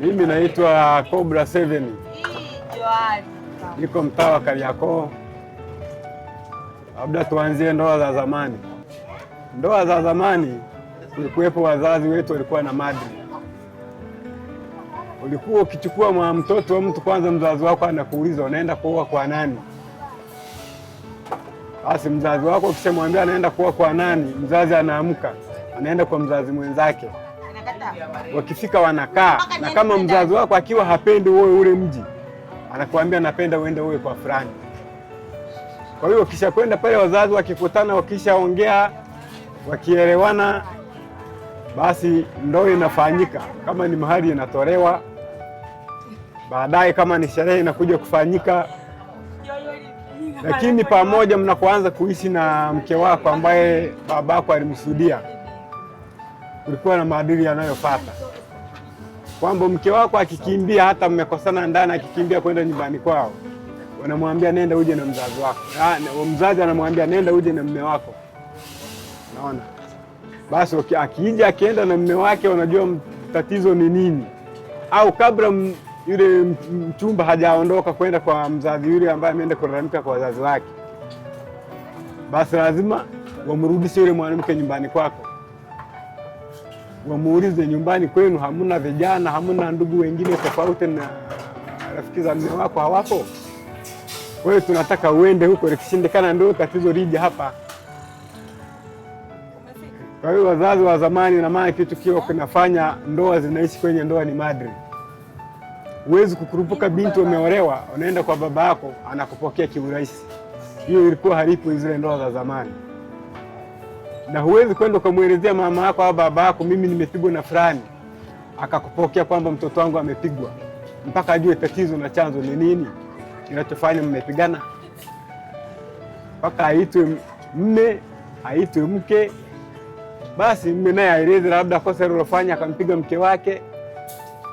Mimi naitwa Cobra 7. Niko mtaa wa Kariakoo. Labda tuanzie ndoa za zamani. Ndoa za zamani, kulikuwepo wazazi wetu walikuwa na madri. Ulikuwa ukichukua mwa mtoto wa mtu, kwanza mzazi wako anakuuliza unaenda kuoa kwa nani? Basi mzazi wako ukishamwambia anaenda kuoa kwa nani, mzazi anaamka anaenda kwa mzazi mwenzake wakifika wanakaa, na kama mzazi wako akiwa hapendi wewe ule mji, anakuambia napenda uende uwe kwa fulani. Kwa hiyo wakishakwenda pale, wazazi wakikutana, wakishaongea, wakielewana, basi ndoa inafanyika. Kama ni mahari inatolewa, baadaye kama ni sherehe inakuja kufanyika lakini pamoja mnakuanza kuishi na mke wako ambaye babako alimsudia kulikuwa na maadili yanayopata kwamba mke wako akikimbia, hata mmekosana ndani, akikimbia kwenda nyumbani kwao, wanamwambia nenda uje na mzazi wako. Ah, mzazi anamwambia nenda uje na mme wako. Naona basi akija akienda na mme wake, wanajua tatizo ni nini, au kabla yule mchumba hajaondoka kwenda kwa mzazi yule ambaye ameenda kulalamika kwa wazazi wake, basi lazima wamrudishe yule mwanamke nyumbani kwako wamuulize nyumbani kwenu, hamuna vijana, hamuna ndugu wengine tofauti na rafiki za mme wako hawako? Kwa hiyo tunataka uende huko, likishindikana ndio tatizo lije hapa. Kwa hiyo wazazi wa zamani, na maana kitu kio kinafanya ndoa zinaishi kwenye ndoa ni madri. Huwezi kukurupuka, binti umeolewa, unaenda kwa baba yako, anakupokea kiurahisi. Hiyo ilikuwa halipo zile ndoa za zamani na huwezi kwenda ukamwelezea mama yako au baba yako, mimi nimepigwa na fulani, akakupokea kwamba mtoto wangu amepigwa, mpaka ajue tatizo na chanzo ni nini kinachofanya mmepigana, mpaka aitwe mme aitwe mke. Basi mme naye aeleze labda kosa alilofanya akampiga mke wake,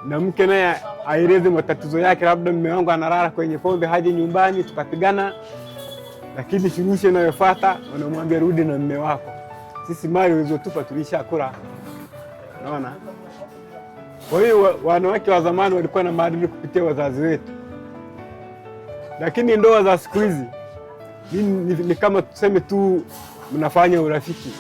na mke naye aeleze matatizo yake, labda mme wangu analala kwenye pombe, haje nyumbani tukapigana. Lakini suluhisho inayofuata wanamwambia rudi na mme wako sisi mali ulizotupa tulishakula, naona Kwa hiyo wanawake wa zamani walikuwa na maadili kupitia wazazi wetu, lakini ndoa za siku hizi ni, ni, ni kama tuseme tu mnafanya urafiki,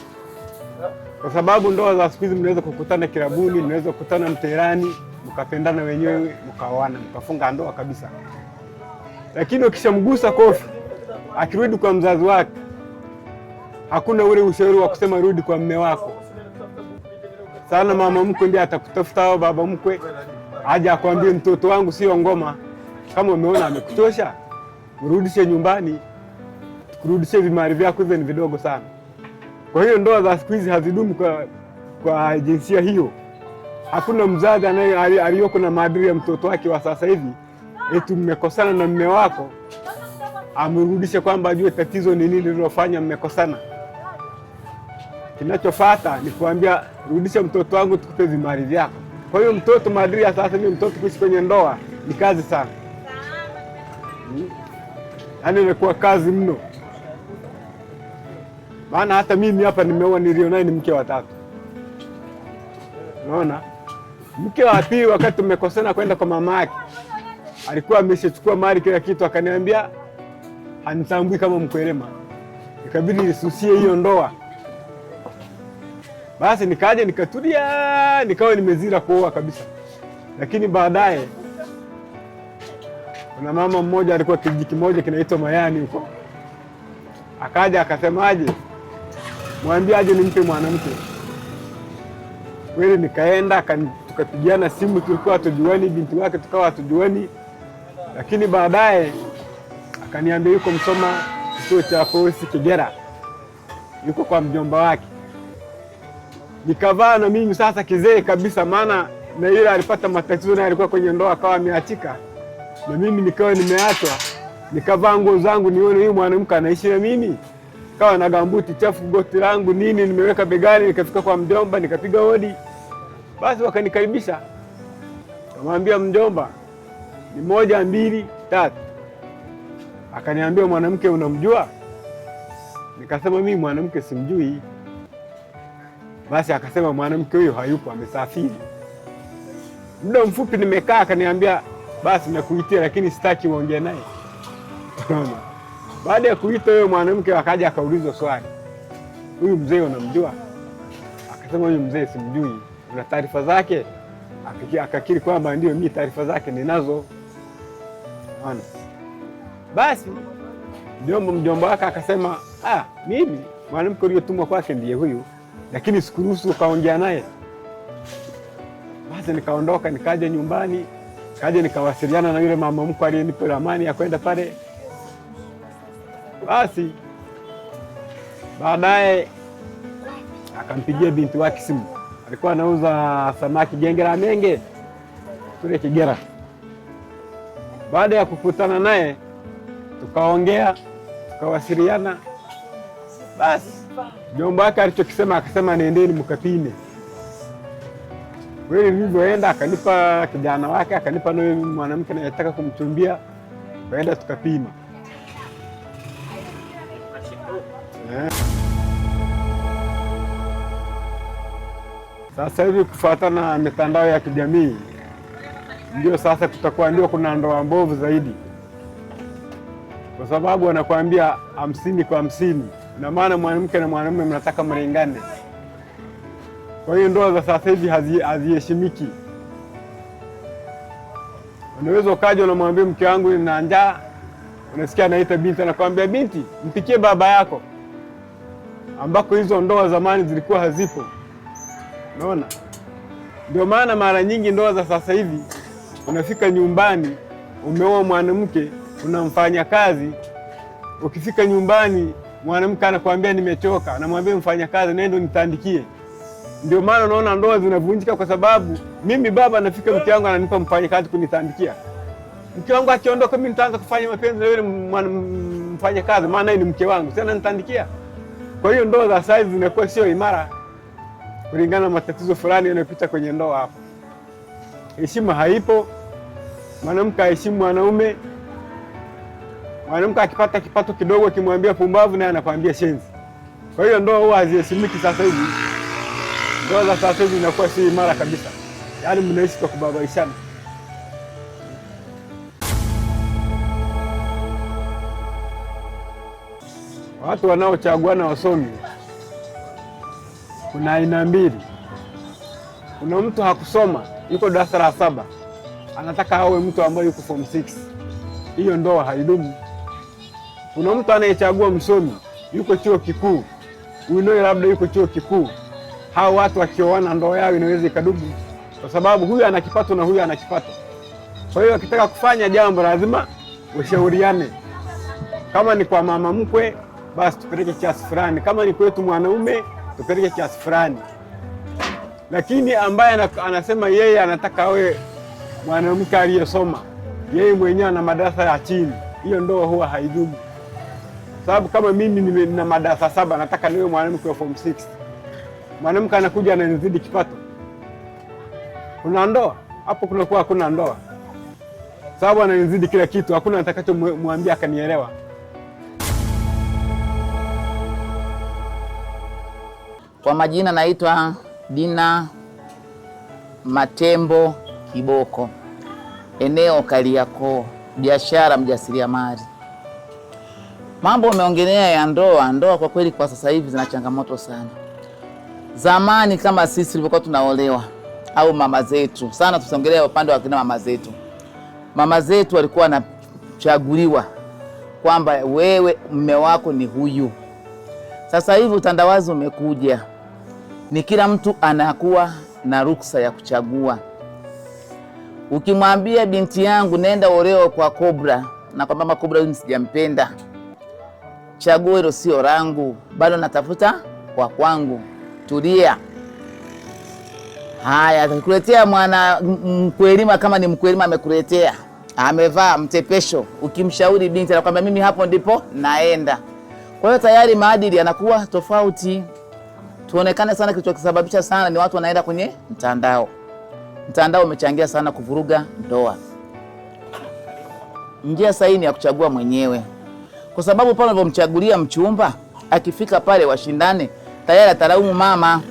kwa sababu ndoa za siku hizi mnaweza kukutana kirabuni, mnaweza kukutana mterani, mkapendana wenyewe, mkaoana, mkafunga ndoa kabisa. Lakini ukishamgusa kofi akirudi kwa mzazi wake Hakuna ule ushauri wa kusema rudi kwa mme wako sana. Mama mkwe ndiye atakutafuta au baba mkwe aje akwambie mtoto wangu sio ngoma, kama umeona amekutosha mrudishe nyumbani, tukurudishe vimari vyako, hivyo ni vidogo sana. Kwa hiyo ndoa za siku hizi hazidumu kwa, kwa jinsia hiyo. Hakuna mzazi aliyoko na maadili ya mtoto wake wa sasa hivi eti mmekosana na mme wako amrudishe, kwamba ajue tatizo ni nini lilofanya mmekosana kinachofata ni kuambia rudisha mtoto wangu, tukupe vimali vyako. Kwa hiyo mtoto madri ya sasa ni mtoto kuishi kwenye ndoa ni kazi sana, hmm? yaani imekuwa kazi mno. Maana hata mimi hapa nimeoa, nilionaye ni mke wa tatu. Unaona, mke wa pili, wakati tumekosana kwenda kwa mama yake, alikuwa ameshachukua mali kila kitu, akaniambia hanitambui kama Mkwerema, ikabidi nisusie hiyo ndoa. Basi nikaja nikatulia, nikawa nimezira kuoa kabisa. Lakini baadaye kuna mama mmoja alikuwa kijiji kimoja kinaitwa Mayani huko, akaja akasemaje, mwambie aje nimpe mwanamke. Kweli nikaenda, tukapigiana simu, tulikuwa hatujuani, binti wake tukawa hatujuani, lakini baadaye akaniambia yuko Msoma, kituo cha polisi Kigera, yuko kwa mjomba wake nikavaa na mimi sasa kizee kabisa, maana na yule alipata matatizo naye alikuwa kwenye ndoa akawa ameachika, na mimi nikawa nimeachwa. Nikavaa nguo zangu, nione huyu mwanamke anaishi na mimi, kawa na gambuti chafu, goti langu nini nimeweka begani. Nikafika kwa mjomba, nikapiga hodi, basi wakanikaribisha. Kamwambia mjomba, ni moja mbili tatu. Akaniambia mwanamke unamjua? Nikasema mimi mwanamke simjui. Basi akasema mwanamke huyo hayupo, amesafiri. Muda mfupi nimekaa, akaniambia basi nakuitia, lakini sitaki uongee naye. Unaona, baada ya kuita huyo mwanamke akaja akaulizwa swali, huyu mzee unamjua? Akasema huyu mzee simjui. Una taarifa zake? Akakiri kwamba ndio, mimi taarifa zake ninazo. Unaona, basi ndio mjomba wake akasema, ah, mimi mwanamke uliyotumwa kwake ndiye huyu lakini sikuruhusu ukaongea naye. Basi nikaondoka nikaja nyumbani, kaja nikawasiliana na yule mama mkwe aliyenipa ramani ya kwenda pale. Basi baadaye akampigia binti wake simu, alikuwa anauza samaki genge la menge kule Kigera. Baada ya kukutana naye tukaongea, tukawasiliana basi jomba wake alichokisema akasema, nendeni mkapime. Kweli nilivyoenda akanipa kijana wake, akanipa naye mwanamke anayetaka kumchumbia, kaenda tukapima eh. Sasa hivi kufuatana na mitandao ya kijamii ndio sasa tutakuwa ndio kuna ndoa mbovu zaidi, kwa sababu wanakuambia hamsini kwa hamsini na maana mwanamke na mwanamume mnataka mlingane. Kwa hiyo ndoa za sasa hivi haziheshimiki. Unaweza ukaja unamwambia mke wangu nina njaa, unasikia anaita binti, anakwambia binti, mpikie baba yako, ambako hizo ndoa zamani zilikuwa hazipo. Unaona, ndio maana mara nyingi ndoa za sasa hivi unafika nyumbani, umeoa mwanamke, unamfanya kazi, ukifika nyumbani mwanamke anakuambia nimechoka, namwambia kazi nendo nitandikie. Ndio maana unaona ndoa zinavunjika, kwa sababu mimi baba nafika, mke wangu ananipa mfanya kazi kunitandikia. Mke wangu akiondoka, mimi nitaanza kufanya mapenzi na yule kazi? maana ni mke wangu, si nitandikia? Kwa hiyo ndoa za saizi zimekuwa sio imara, kulingana na matatizo fulani yanayopita kwenye ndoa. Hapo heshima haipo, mwanamke aheshimu mwanaume mwanamke akipata kipato kidogo, akimwambia pumbavu, naye anakwambia shenzi. Kwa hiyo ndoa huwa haziheshimiki. Sasa hivi ndoa za sasa hivi zinakuwa si imara kabisa, yaani mnaishi kwa kubabaishana. Watu wanaochaguana wasomi kuna aina mbili. Kuna mtu hakusoma, yuko darasa la saba, anataka awe mtu ambaye yuko form 6. Hiyo ndoa haidumu. Kuna mtu anayechagua msomi yuko chuo kikuu, uinoe labda yuko chuo kikuu. Hao watu wakioana, ndoa yao inaweza ikadumu, kwa sababu huyu ana kipato na huyu ana kipato. Kwa hiyo akitaka kufanya jambo lazima washauriane. Kama ni kwa mama mkwe, basi tupeleke kiasi fulani, kama ni kwetu mwanaume tupeleke kiasi fulani. Lakini ambaye anasema yeye anataka awe mwanamke aliyesoma, yeye mwenyewe ana madarasa ya chini, hiyo ndoa huwa haidumu sababu kama mimi nina madarasa saba, nataka niwe mwanamke wa form 6, mwanamke anakuja ananizidi kipato, kuna ndoa hapo, kunakuwa hakuna ndoa sababu ananizidi kila kitu, hakuna nitakachomwambia akanielewa. Kwa majina naitwa Dina Matembo Kiboko, eneo kaliakoo biashara mjasiriamali. Mambo umeongelea ya ndoa. Ndoa kwa kweli kwa sasa hivi zina changamoto sana. Zamani kama sisi tulivyokuwa tunaolewa au mama zetu sana, tusiongelea upande wa kina mama zetu. Mama zetu walikuwa wanachaguliwa kwamba wewe mme wako ni huyu. Sasa hivi utandawazi umekuja, ni kila mtu anakuwa na ruksa ya kuchagua. Ukimwambia binti yangu nenda oleo kwa Kobra, na kwa mama Kobra huyu sijampenda chaguo hilo sio rangu, bado natafuta kwa kwangu. Tulia. Haya, atakuletea mwana mkuelima, kama ni mkuelima amekuletea, amevaa mtepesho, ukimshauri binti anakwambia mimi hapo ndipo naenda. Kwa hiyo tayari maadili yanakuwa tofauti. Tuonekane sana, kilichokisababisha sana ni watu wanaenda kwenye mtandao. Mtandao umechangia sana kuvuruga ndoa. Njia sahihi ni ya kuchagua mwenyewe kwa sababu pale alivyomchagulia mchumba, akifika pale washindane, tayari atalaumu mama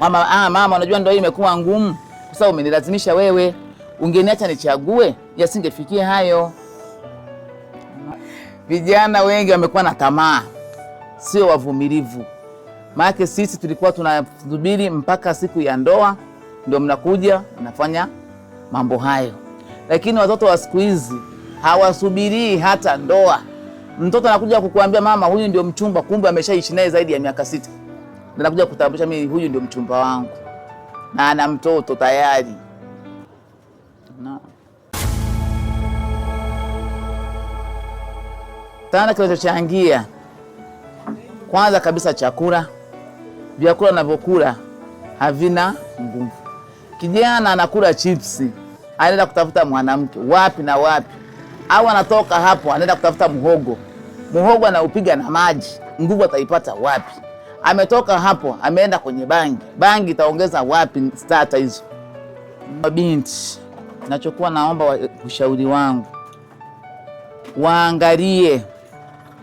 mama, ah, mama, unajua ndio hii imekuwa ngumu kwa sababu umenilazimisha wewe. Ungeniacha nichague, yasingefikia hayo. Vijana wengi wamekuwa na tamaa, sio wavumilivu. Maana sisi tulikuwa tunasubiri mpaka siku ya ndoa ndio mnakuja mnafanya mambo hayo, lakini watoto wa siku hizi hawasubirii hata ndoa mtoto anakuja kukuambia mama, huyu ndio mchumba, kumbe ameshaishi naye zaidi ya miaka sita. Anakuja kutambulisha mimi, huyu ndio mchumba wangu na ana mtoto tayari na. Tana kinachochangia kwanza kabisa chakula, vyakula anavyokula havina nguvu. Kijana anakula chipsi, anaenda kutafuta mwanamke wapi na wapi au anatoka hapo anaenda kutafuta mhogo, muhogo anaupiga na maji, nguvu ataipata wapi? Ametoka hapo ameenda kwenye bangi, bangi itaongeza wapi stata hizo? Mabinti, nachokuwa naomba wa, ushauri wangu waangalie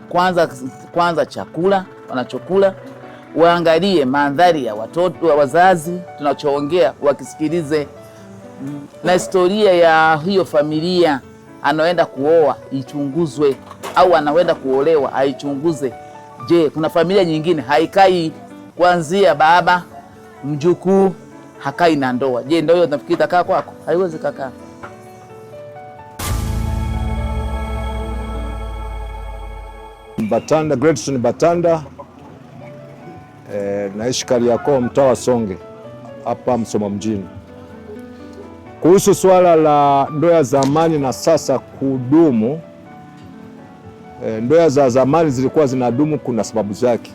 kwanza, kwanza chakula wanachokula waangalie mandhari ya watoto wa wazazi, tunachoongea wakisikilize, na historia ya hiyo familia anaenda kuoa ichunguzwe, au anaenda kuolewa aichunguze. Je, kuna familia nyingine haikai kuanzia baba mjukuu hakai na ndoa. Je, ndio hiyo nafikiri itakaa kwako? Haiwezi kakaa. Batanda, Gretson Batanda. E, naishi Kariakoo mtaa wa Songe hapa Msoma mjini. Kuhusu swala la ndoa ya zamani na sasa kudumu, e, ndoa za zamani zilikuwa zinadumu, kuna sababu zake.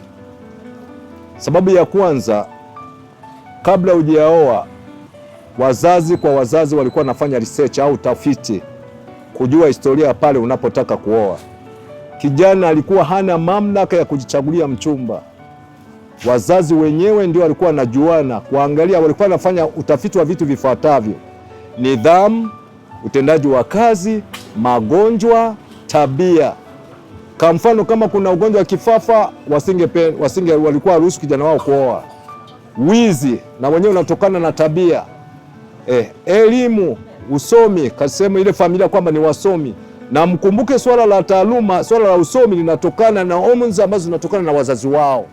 Sababu ya kwanza, kabla hujaoa, wazazi kwa wazazi walikuwa wanafanya research au utafiti kujua historia pale unapotaka kuoa. Kijana alikuwa hana mamlaka ya kujichagulia mchumba, wazazi wenyewe ndio walikuwa wanajuana kuangalia, walikuwa wanafanya utafiti wa vitu vifuatavyo nidhamu, utendaji wa kazi, magonjwa, tabia. Kwa mfano kama kuna ugonjwa wa kifafa wasinge, wasinge walikuwa haruhusu kijana wao kuoa. Wizi na wenyewe unatokana na tabia. Eh, elimu, usomi, kasema ile familia kwamba ni wasomi na mkumbuke swala la taaluma, swala la usomi linatokana na homoni ambazo zinatokana na wazazi wao,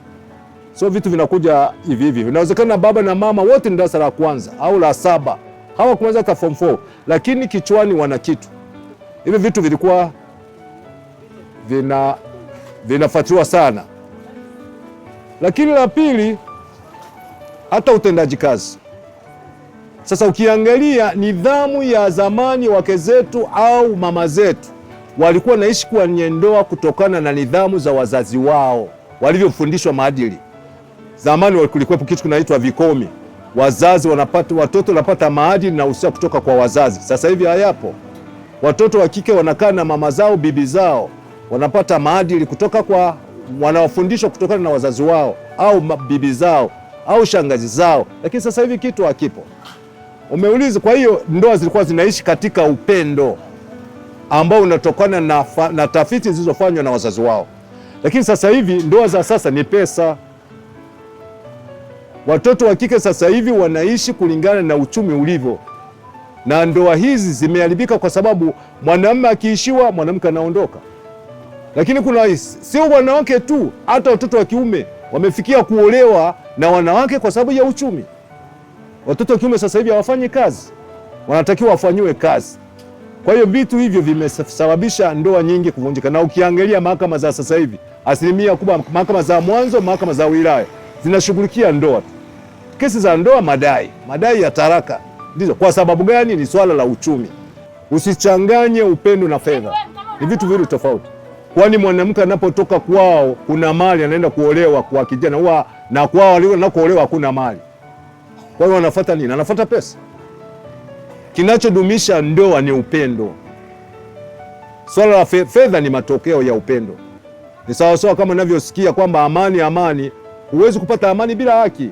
so vitu vinakuja hivi hivi. Inawezekana baba na mama wote ni darasa la kwanza au la saba hawa hata form 4, lakini kichwani wana kitu. Hivi vitu vilikuwa vina vinafuatiliwa sana. Lakini la pili, hata utendaji kazi. Sasa ukiangalia nidhamu ya zamani, wake zetu au mama zetu walikuwa naishi kwenye ndoa kutokana na nidhamu za wazazi wao walivyofundishwa maadili. Zamani kulikuwepo kitu kinaitwa vikomi wazazi wanapata, watoto wanapata maadili na usia kutoka kwa wazazi. Sasa hivi hayapo. Watoto wa kike wanakaa na mama zao, bibi zao, wanapata maadili kutoka kwa wanawafundishwa kutokana na wazazi wao au bibi zao au shangazi zao, lakini sasa hivi kitu hakipo. Umeuliza, kwa hiyo ndoa zilikuwa zinaishi katika upendo ambao unatokana na, na tafiti zilizofanywa na wazazi wao, lakini sasa hivi ndoa za sasa ni pesa. Watoto wa kike sasa hivi wanaishi kulingana na uchumi ulivyo, na ndoa hizi zimeharibika kwa sababu mwanamume akiishiwa, mwanamke anaondoka. Lakini kuna sio wanawake tu, hata watoto wa kiume wamefikia kuolewa na wanawake kwa sababu ya uchumi. Watoto wa kiume sasa hivi hawafanyi kazi, wanatakiwa wafanyiwe kazi. Kwa hiyo vitu hivyo vimesababisha ndoa nyingi kuvunjika, na ukiangalia mahakama za sasa hivi, asilimia kubwa mahakama za mwanzo, mahakama za wilaya zinashughulikia ndoa tu, kesi za ndoa, madai madai ya taraka ndizo. Kwa sababu gani? Ni swala la uchumi. Usichanganye upendo na fedha, ni vitu viwili tofauti, kwani mwanamke anapotoka kwao kuna mali anaenda kuolewa kwa kijana huwa na kwao alionakoolewa hakuna mali. Kwa hiyo anafuata nini? Anafuata pesa. Kinachodumisha ndoa ni upendo. Swala la fedha ni matokeo ya upendo. Ni sawasawa kama navyosikia kwamba amani amani, Huwezi kupata amani bila haki.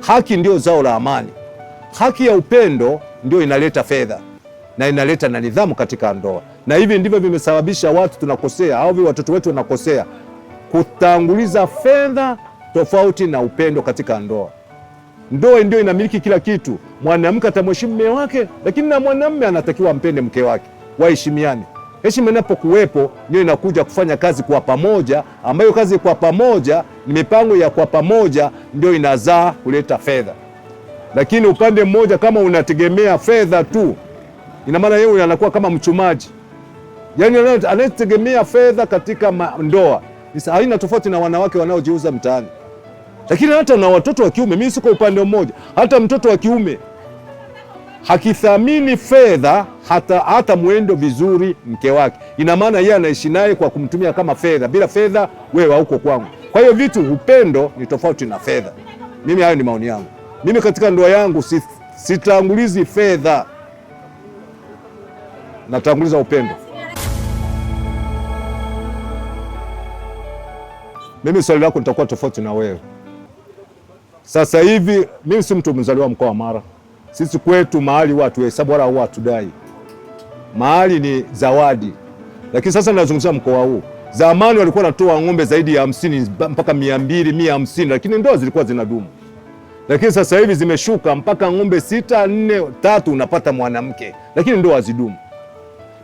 Haki ndio zao la amani. Haki ya upendo ndio inaleta fedha na inaleta na nidhamu katika ndoa, na hivi ndivyo vimesababisha watu tunakosea au watoto wetu wanakosea kutanguliza fedha tofauti na upendo katika ndoa. Ndoa ndio inamiliki kila kitu. Mwanamke atamheshimu mume wake, lakini na mwanamume anatakiwa ampende mke wake, waheshimiane. Heshima inapokuwepo ndio inakuja kufanya kazi kwa pamoja, ambayo kazi kwa pamoja mipango ya kwa pamoja ndio inazaa kuleta fedha. Lakini upande mmoja kama unategemea fedha tu, ina maana yeye anakuwa kama mchumaji, yaani anategemea fedha katika ndoa. Haina tofauti na wanawake wanaojiuza mtaani, lakini hata na watoto wa kiume. Mimi siko upande mmoja, hata mtoto wa kiume hakithamini fedha hata, hata mwendo vizuri mke wake, ina maana yeye anaishi naye kwa kumtumia kama fedha. Bila fedha wewe hauko kwangu. Kwa hiyo vitu, upendo ni tofauti na fedha. Mimi hayo ni maoni yangu. Mimi katika ndoa yangu sitangulizi fedha, natanguliza upendo. Mimi swali lako nitakuwa tofauti na wewe. Sasa hivi mimi si mtu mzaliwa mkoa wa Mara. Sisi kwetu mahali watu hesabu wala hatudai mahali ni zawadi, lakini sasa nazungumzia mkoa huu Zamani walikuwa wanatoa ng'ombe zaidi ya hamsini mpaka mia mbili mia hamsini lakini ndoa zilikuwa zinadumu. Lakini sasa hivi zimeshuka mpaka ng'ombe sita nne tatu unapata mwanamke, lakini ndoa hazidumu.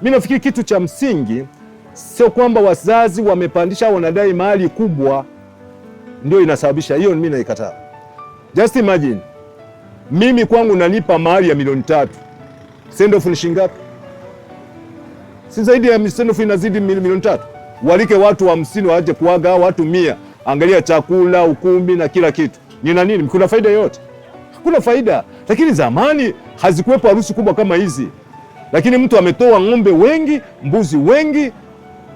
Mi nafikiri kitu cha msingi sio kwamba wazazi wamepandisha au wanadai mali kubwa ndio inasababisha hiyo, mi naikataa. Just imagine mimi kwangu nalipa mali ya milioni tatu, sendofu ni shingapi? Si zaidi ya sendofu inazidi milioni tatu walike watu hamsini wa waje kuaga watu mia. Angalia chakula, ukumbi na kila kitu, nina nini? Kuna faida yote? Kuna faida. Lakini zamani hazikuwepo harusi kubwa kama hizi, lakini mtu ametoa ng'ombe wengi, mbuzi wengi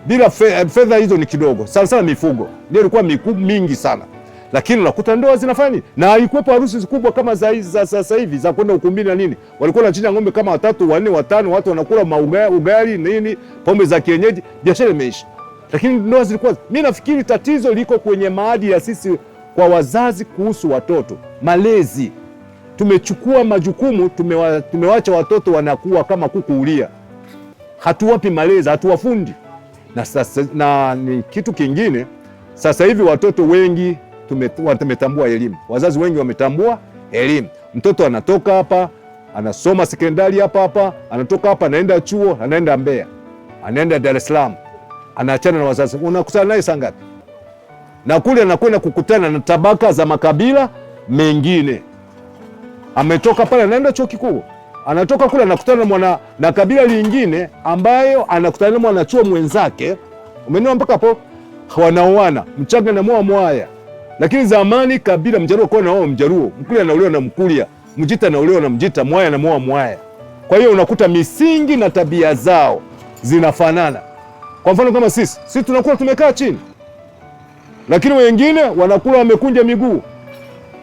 bila fedha hizo ni kidogo sana sana. Mifugo ndio ilikuwa mikubwa mingi sana, lakini unakuta ndoa zinafanya na haikuwepo harusi kubwa kama za hizi sasa hivi za kwenda ukumbini na nini. Walikuwa na chini ng'ombe kama watatu wanne watano, watu wanakula maugali nini, pombe za kienyeji, biashara imeisha lakini ndoa zilikuwa. Mi nafikiri tatizo liko kwenye maadili ya sisi kwa wazazi kuhusu watoto, malezi. Tumechukua majukumu, tumewa, tumewacha watoto wanakuwa kama kuku ulia, hatuwapi malezi, hatuwafundi na, sasa, na ni kitu kingine. Sasa hivi watoto wengi tumetambua elimu, wazazi wengi wametambua elimu. Mtoto anatoka hapa anasoma sekondari hapa hapa, anatoka hapa anaenda chuo, anaenda Mbeya, anaenda Dar es Salaam anaachana na wazazi. Unakutana naye saa ngapi? Na kule anakwenda kukutana na tabaka za makabila mengine. Ametoka pale anaenda chuo kikuu, anatoka kule anakutana na mwana na kabila lingine ambayo anakutana na mwanachuo mwenzake. Umenewa mpaka hapo? Wanaoana mchanga na mwa mwaya. Lakini zamani kabila Mjaruo kwa nao Mjaruo, Mkulia anaolewa na Mkulia, Mjita anaolewa na Mjita, Mwaya na mwa mwaya. Kwa hiyo unakuta misingi na tabia zao zinafanana. Kwa mfano kama sisi, sisi tunakuwa tumekaa chini, lakini wengine wanakula wamekunja miguu,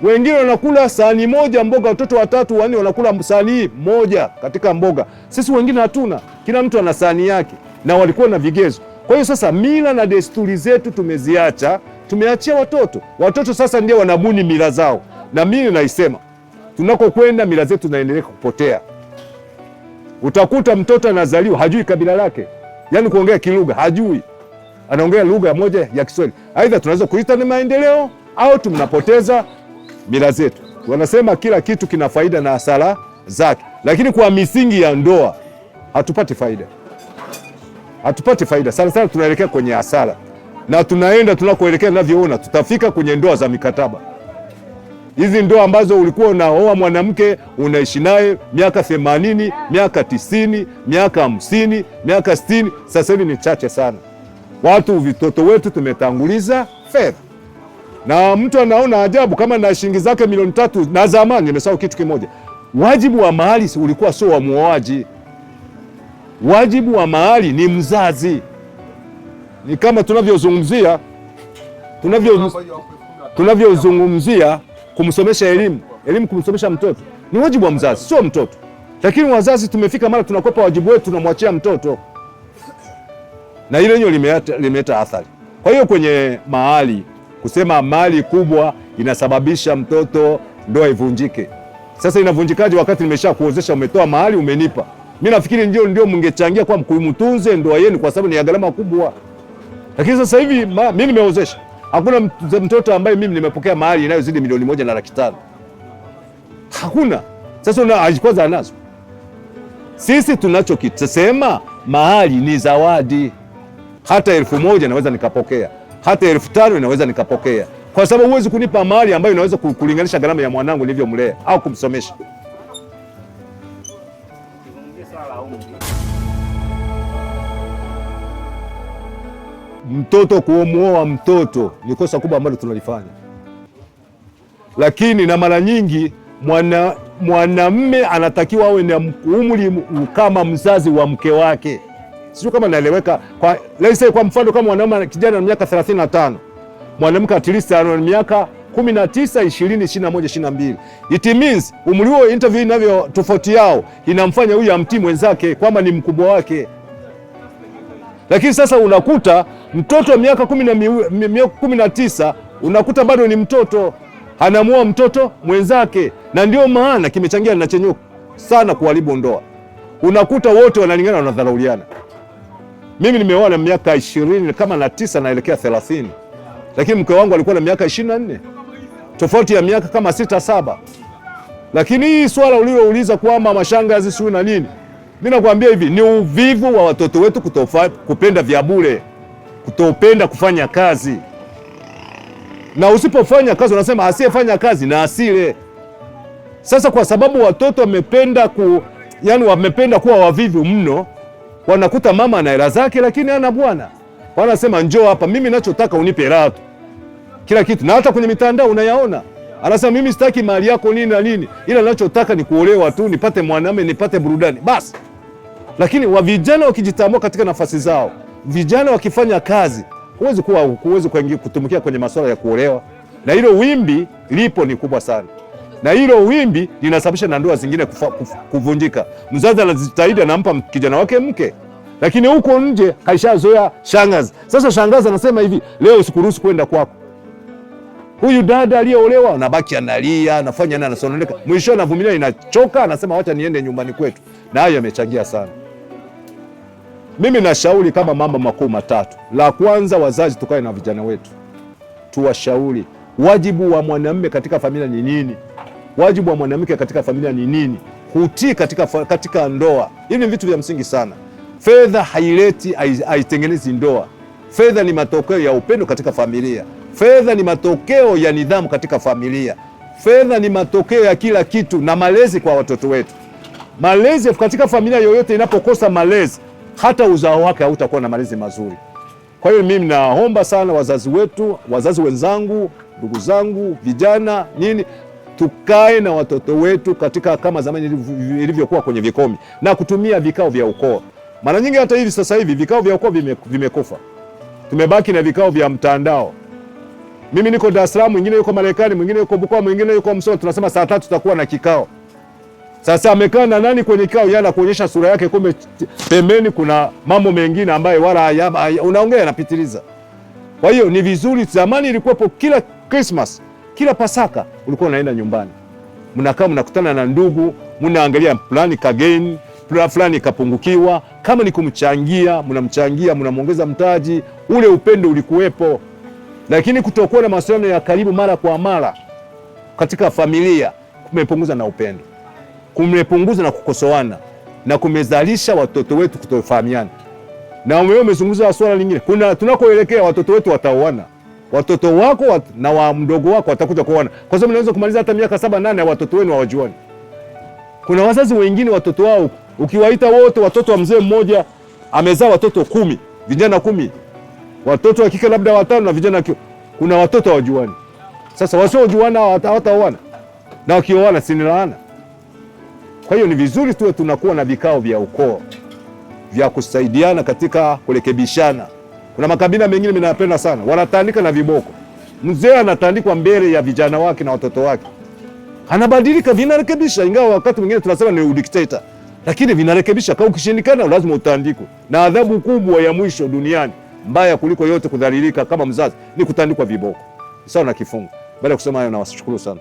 wengine wanakula sahani moja mboga, watoto watatu wanne wanakula sahani moja katika mboga. Sisi wengine hatuna, kila mtu ana sahani yake, na walikuwa na vigezo. Kwa hiyo sasa, mila na desturi zetu tumeziacha, tumeachia watoto. Watoto sasa ndio wanabuni mila zao, na mimi naisema, tunakokwenda mila zetu zinaendelea kupotea. Utakuta mtoto anazaliwa hajui kabila lake yani kuongea kilugha hajui, anaongea lugha moja ya Kiswahili. Aidha tunaweza kuita ni maendeleo au tunapoteza mila zetu. Wanasema kila kitu kina faida na hasara zake, lakini kwa misingi ya ndoa hatupati faida, hatupati faida sana sana, tunaelekea kwenye hasara na tunaenda tunakoelekea, navyoona tutafika kwenye ndoa za mikataba hizi ndoa ambazo ulikuwa unaoa mwanamke unaishi naye miaka themanini, miaka tisini, miaka hamsini, miaka sitini, sasa hivi ni chache sana. Watu vitoto wetu tumetanguliza fedha, na mtu anaona ajabu kama na shilingi zake milioni tatu. Na zamani nimesahau kitu kimoja, wajibu wa mahali ulikuwa sio wa muoaji, wajibu wa mahali ni mzazi. Ni kama tunavyozungumzia tunavyozungumzia kumsomesha elimu, elimu kumsomesha mtoto ni wajibu wa mzazi, sio mtoto. Lakini wazazi tumefika mara tunakwepa wajibu wetu, tunamwachia mtoto, na ile nyo limeleta athari. Kwa hiyo kwenye mahali kusema mali kubwa inasababisha mtoto ndoa ivunjike, sasa inavunjikaje wakati nimesha kuozesha, umetoa mahali, umenipa mi nafikiri ndio ndio mngechangia kwa mkuimutunze ndoa yenu, kwa sababu ni gharama kubwa. Lakini sasa hivi mi nimeozesha Hakuna mtoto ambaye mimi nimepokea mahari inayozidi milioni moja na laki tano. Hakuna. Sasa ajikwaza nazo. Sisi tunachokisema mahari ni zawadi. Hata elfu moja naweza nikapokea, hata elfu tano naweza nikapokea, kwa sababu huwezi kunipa mahari ambayo inaweza kulinganisha gharama ya mwanangu nilivyomlea au kumsomesha. mtoto kuomuoa mtoto ni kosa kubwa ambalo tunalifanya, lakini na mara nyingi mwana mwanamme anatakiwa awe na umri kama mzazi wa mke wake. Sio kama naeleweka. Kwa let's kwa mfano kama mwanaume kijana ana miaka 35, mwanamke at least ana miaka 19, 20, 21, 22. It means umri huo interview inavyo tofauti yao inamfanya huyu amtii mwenzake kwamba ni mkubwa wake. Lakini sasa unakuta mtoto wa miaka kumi na tisa unakuta bado ni mtoto, anamuoa mtoto mwenzake, na ndio maana kimechangia na chenye sana kuharibu ndoa. Unakuta wote wanalingana, wanadharauliana. Mimi nimeoa na miaka ishirini kama na tisa naelekea thelathini, lakini mke wangu alikuwa na miaka ishirini na nne, tofauti ya miaka kama sita saba. Lakini hii swala ulilouliza kwamba mashangazi sijui na nini mimi nakwambia hivi ni uvivu wa watoto wetu kutofa, kupenda vya bure, kutopenda kufanya kazi. Na usipofanya kazi unasema asiyefanya kazi na asile. Sasa kwa sababu watoto wamependa ku, yani wamependa kuwa wavivu mno, wanakuta mama ana hela zake lakini ana bwana. Wanasema njoo hapa, mimi ninachotaka unipe hela tu, kila kitu. Na hata kwenye mitandao unayaona anasema mimi sitaki mali yako nini na nini, ila ninachotaka ni kuolewa tu, nipate mwanamume, nipate burudani basi. Lakini wa vijana wakijitambua katika nafasi zao, vijana wakifanya kazi, huwezi kuwa huwezi kutumikia kwenye masuala ya kuolewa, na hilo wimbi lipo ni kubwa sana, na hilo wimbi linasababisha na ndoa zingine kufa, kuf, kuvunjika. Mzazi anajitahidi anampa kijana wake mke, lakini huko nje kaishazoea shangazi. Sasa shangazi anasema hivi, leo sikuruhusu kwenda kwako. Huyu dada aliyeolewa anabaki analia, anafanya nini, anasononeka, mwisho anavumilia, inachoka, anasema wacha niende nyumbani kwetu, na hayo yamechangia sana. Mimi nashauri kama mambo makuu matatu. La kwanza, wazazi tukae na vijana wetu tuwashauri wajibu wa mwanamume katika familia ni nini, wajibu wa mwanamke katika familia ni nini, hutii katika, katika ndoa. Hivi ni vitu vya msingi sana. Fedha haileti haitengenezi ndoa. Fedha ni matokeo ya upendo katika familia. Fedha ni matokeo ya nidhamu katika familia. Fedha ni matokeo ya kila kitu, na malezi kwa watoto wetu. Malezi katika familia yoyote inapokosa malezi hata uzao wake hautakuwa na malezi mazuri. Kwa hiyo mimi naomba sana wazazi wetu, wazazi wenzangu, ndugu zangu, vijana nini, tukae na watoto wetu katika kama zamani ilivyokuwa kwenye vikomi na kutumia vikao vya ukoo. Mara nyingi hata hivi sasa hivi vikao vya ukoo vimekufa, tumebaki na vikao vya mtandao. Mimi niko Dar es Salaam, mwingine yuko Marekani, mwingine yuko Bukoba, mwingine yuko Msoma. Tunasema saa tatu tutakuwa na kikao. Sasa amekaa na nani kwenye kikao yana kuonyesha sura yake, kumbe pembeni kuna mambo mengine ambayo wala unaongea yanapitiliza. Kwa hiyo ni vizuri, zamani ilikuwepo kila Christmas, kila Pasaka ulikuwa unaenda nyumbani, mnakaa mnakutana na ndugu, mnaangalia fulani kageni fulani kapungukiwa, kama ni kumchangia mnamchangia, mnamwongeza mtaji. Ule upendo ulikuwepo, lakini kutokuwa na mawasiliano ya karibu mara kwa mara katika familia kumepunguza na upendo kumepunguza na kukosoana na kumezalisha watoto wetu kutofahamiana. Na wewe umezungumza swala lingine, kuna tunakoelekea watoto wetu wataoana, watoto wako wat, na wa mdogo wako watakuja kuoana, kwa sababu naweza kumaliza hata miaka saba nane ya watoto wenu hawajuani. Kuna wazazi wengine watoto wao ukiwaita wote watoto wa mzee mmoja amezaa watoto kumi, vijana kumi, watoto wa kike labda watano na vijana kio. Kuna watoto hawajuani. Sasa wasiojuana hawataoana, na wakioana sini laana. Kwa hiyo ni vizuri tuwe tunakuwa na vikao vya ukoo vya kusaidiana katika kurekebishana. Kuna makabila mengine ninayapenda sana, wanatandika na viboko. Mzee anatandikwa mbele ya vijana wake na watoto wake, anabadilika, vinarekebisha. Ingawa wakati mwingine tunasema ni udikteta, lakini vinarekebisha. Kama ukishindikana, lazima utandikwe, na adhabu kubwa ya mwisho duniani mbaya kuliko yote kudhalilika kama mzazi ni kutandikwa viboko, sawa na kifungo. Baada ya kusema hayo, nawashukuru sana.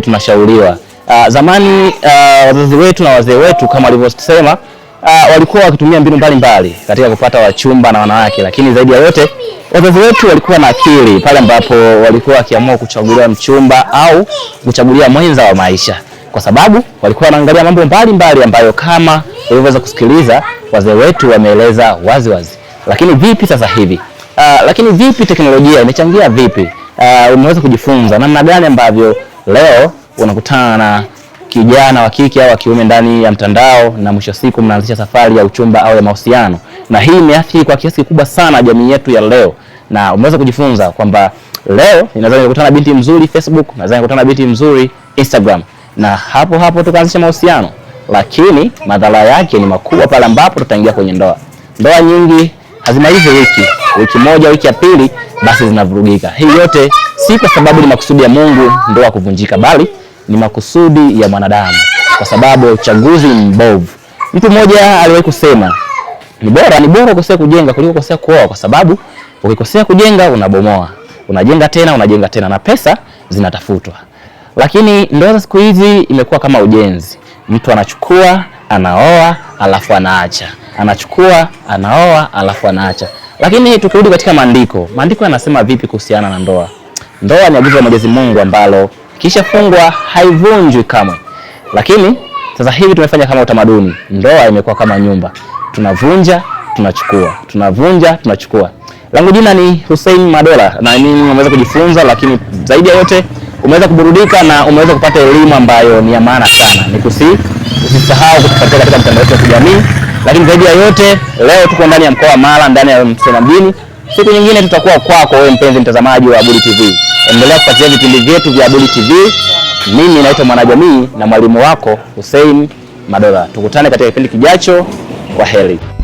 tunashauriwa. Uh, zamani ah, wazazi uh, wetu na wazee wetu kama walivyosema uh, walikuwa wakitumia mbinu mbalimbali mbali katika kupata wachumba na wanawake, lakini zaidi ya yote wazazi wetu walikuwa na akili pale ambapo walikuwa wakiamua kuchagulia mchumba au kuchagulia mwenza wa maisha, kwa sababu walikuwa wanaangalia mambo mbalimbali ambayo kama ulivyoweza kusikiliza wazee wetu wameeleza wazi wazi. Lakini vipi sasa hivi? Uh, lakini vipi teknolojia imechangia vipi? Uh, umeweza kujifunza namna gani ambavyo Leo unakutana na kijana wa kike au wa kiume ndani ya mtandao, na mwisho siku mnaanzisha safari ya uchumba au ya mahusiano, na hii imeathiri kwa kiasi kikubwa sana jamii yetu ya leo, na umeweza kujifunza kwamba leo inaweza nikakutana na binti mzuri Facebook, naweza nikakutana na binti mzuri Instagram, na hapo hapo tukaanzisha mahusiano, lakini madhara yake ni makubwa pale ambapo tutaingia kwenye ndoa. Ndoa nyingi hazina wiki wiki moja wiki ya pili basi zinavurugika. Hii yote si kwa sababu ni makusudi ya Mungu ndoa kuvunjika, bali ni makusudi ya mwanadamu, kwa sababu ya uchaguzi mbovu. Mtu mmoja aliwahi kusema ni bora ni bora kukosea kujenga kuliko kukosea kuoa, kwa sababu ukikosea kujenga unabomoa, unajenga tena, unajenga tena, na pesa zinatafutwa. Lakini ndoa za siku hizi imekuwa kama ujenzi, mtu anachukua anaoa alafu anaacha, anachukua anaoa alafu anaacha. Lakini tukirudi katika maandiko, maandiko yanasema vipi kuhusiana na ndoa? Ndoa ni agizo la Mwenyezi Mungu ambalo kisha fungwa haivunjwi kamwe. Lakini sasa hivi tumefanya kama utamaduni, ndoa imekuwa kama nyumba, tunavunja tunachukua, tunavunja tunachukua. Langu jina ni Hussein Madola na mimi nimeweza kujifunza, lakini zaidi ya yote umeweza kuburudika na umeweza kupata elimu ambayo ni ya maana sana. Nikusi usisahau kutufuatilia katika mitandao yetu ya kijamii, lakini zaidi ya yote, leo tuko ndani ya mkoa wa Mara, ndani ya Msoma mjini. Siku nyingine tutakuwa kwako wewe mpenzi mtazamaji wa Aburi TV. Endelea kufuatilia vipindi vyetu vya Aburi TV. Mimi naitwa Mwanajamii na mwalimu wako Hussein Madola. Tukutane katika kipindi kijacho. Kwa heri.